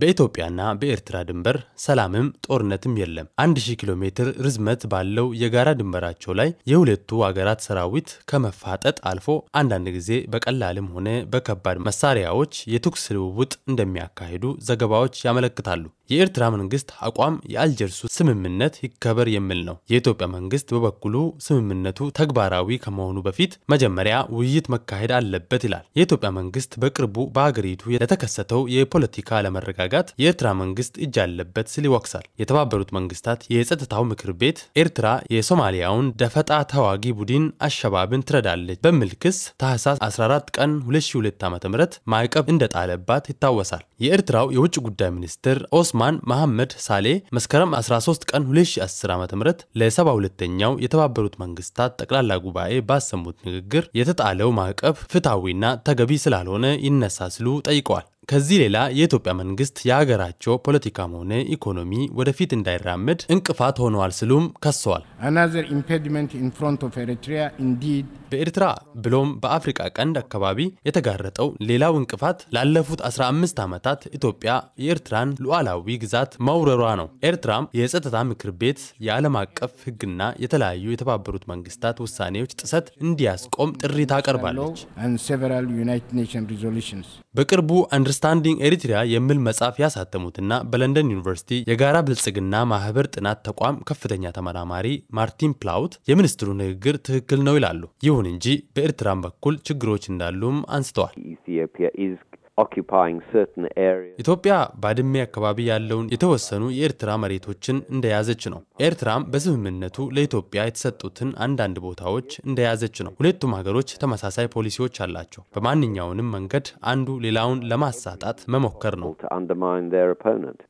በኢትዮጵያና በኤርትራ ድንበር ሰላምም ጦርነትም የለም። 1000 ኪሎ ሜትር ርዝመት ባለው የጋራ ድንበራቸው ላይ የሁለቱ አገራት ሰራዊት ከመፋጠጥ አልፎ አንዳንድ ጊዜ በቀላልም ሆነ በከባድ መሳሪያዎች የተኩስ ልውውጥ እንደሚያካሂዱ ዘገባዎች ያመለክታሉ። የኤርትራ መንግስት አቋም የአልጀርሱ ስምምነት ይከበር የሚል ነው። የኢትዮጵያ መንግስት በበኩሉ ስምምነቱ ተግባራዊ ከመሆኑ በፊት መጀመሪያ ውይይት መካሄድ አለበት ይላል። የኢትዮጵያ መንግስት በቅርቡ በአገሪቱ ለተከሰተው የፖለቲካ አለመረጋጋት የኤርትራ መንግስት እጅ አለበት ሲል ይወቅሳል። የተባበሩት መንግስታት የጸጥታው ምክር ቤት ኤርትራ የሶማሊያውን ደፈጣ ተዋጊ ቡድን አሸባብን ትረዳለች በሚል ክስ ታህሳስ 14 ቀን 2002 ዓ.ም ማዕቀብ እንደጣለባት ይታወሳል። የኤርትራው የውጭ ጉዳይ ሚኒስትር ኦስ ዑስማን መሐመድ ሳሌ መስከረም 13 ቀን 2010 ዓ ም ለ72ኛው የተባበሩት መንግስታት ጠቅላላ ጉባኤ ባሰሙት ንግግር የተጣለው ማዕቀብ ፍትሐዊና ተገቢ ስላልሆነ ይነሳ ሲሉ ጠይቀዋል። ከዚህ ሌላ የኢትዮጵያ መንግስት የሀገራቸው ፖለቲካም ሆነ ኢኮኖሚ ወደፊት እንዳይራመድ እንቅፋት ሆነዋል ስሉም ከሰዋል። በኤርትራ ብሎም በአፍሪቃ ቀንድ አካባቢ የተጋረጠው ሌላው እንቅፋት ላለፉት 15 ዓመታት ኢትዮጵያ የኤርትራን ሉዓላዊ ግዛት መውረሯ ነው። ኤርትራም የጸጥታ ምክር ቤት የዓለም አቀፍ ሕግና የተለያዩ የተባበሩት መንግስታት ውሳኔዎች ጥሰት እንዲያስቆም ጥሪ ታቀርባለች። በቅርቡ አንደርስታንዲንግ ኤሪትሪያ የሚል መጽሐፍ ያሳተሙትና በለንደን ዩኒቨርሲቲ የጋራ ብልጽግና ማህበር ጥናት ተቋም ከፍተኛ ተመራማሪ ማርቲን ፕላውት የሚኒስትሩ ንግግር ትክክል ነው ይላሉ። ይሁን እንጂ በኤርትራም በኩል ችግሮች እንዳሉም አንስተዋል። ኢትዮጵያ ባድሜ አካባቢ ያለውን የተወሰኑ የኤርትራ መሬቶችን እንደያዘች ነው። ኤርትራም በስምምነቱ ለኢትዮጵያ የተሰጡትን አንዳንድ ቦታዎች እንደያዘች ነው። ሁለቱም ሀገሮች ተመሳሳይ ፖሊሲዎች አላቸው። በማንኛውንም መንገድ አንዱ ሌላውን ለማሳጣት መሞከር ነው።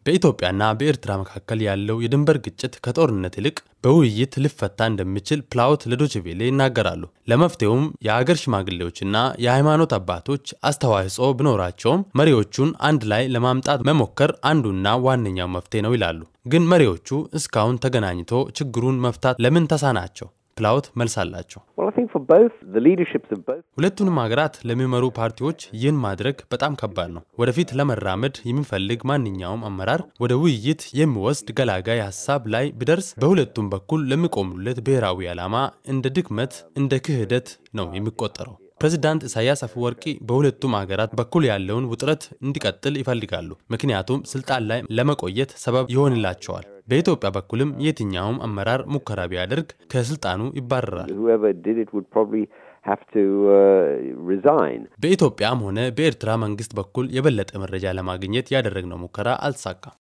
በኢትዮጵያና በኤርትራ መካከል ያለው የድንበር ግጭት ከጦርነት ይልቅ በውይይት ልፈታ እንደሚችል ፕላውት ለዶችቬሌ ይናገራሉ። ለመፍትሄውም የአገር ሽማግሌዎችና የሃይማኖት አባቶች አስተዋጽኦ ቢኖራቸውም መሪዎቹን አንድ ላይ ለማምጣት መሞከር አንዱና ዋነኛው መፍትሄ ነው ይላሉ። ግን መሪዎቹ እስካሁን ተገናኝቶ ችግሩን መፍታት ለምን ተሳናቸው? ፕላውት መልስ አላቸው። ሁለቱንም ሀገራት ለሚመሩ ፓርቲዎች ይህን ማድረግ በጣም ከባድ ነው። ወደፊት ለመራመድ የሚፈልግ ማንኛውም አመራር ወደ ውይይት የሚወስድ ገላጋይ ሀሳብ ላይ ቢደርስ በሁለቱም በኩል ለሚቆሙለት ብሔራዊ ዓላማ እንደ ድክመት፣ እንደ ክህደት ነው የሚቆጠረው። ፕሬዚዳንት ኢሳያስ አፈወርቂ በሁለቱም ሀገራት በኩል ያለውን ውጥረት እንዲቀጥል ይፈልጋሉ። ምክንያቱም ስልጣን ላይ ለመቆየት ሰበብ ይሆንላቸዋል። በኢትዮጵያ በኩልም የትኛውም አመራር ሙከራ ቢያደርግ ከስልጣኑ ይባረራል። uh, በኢትዮጵያም ሆነ በኤርትራ መንግስት በኩል የበለጠ መረጃ ለማግኘት ያደረግነው ሙከራ አልተሳካም።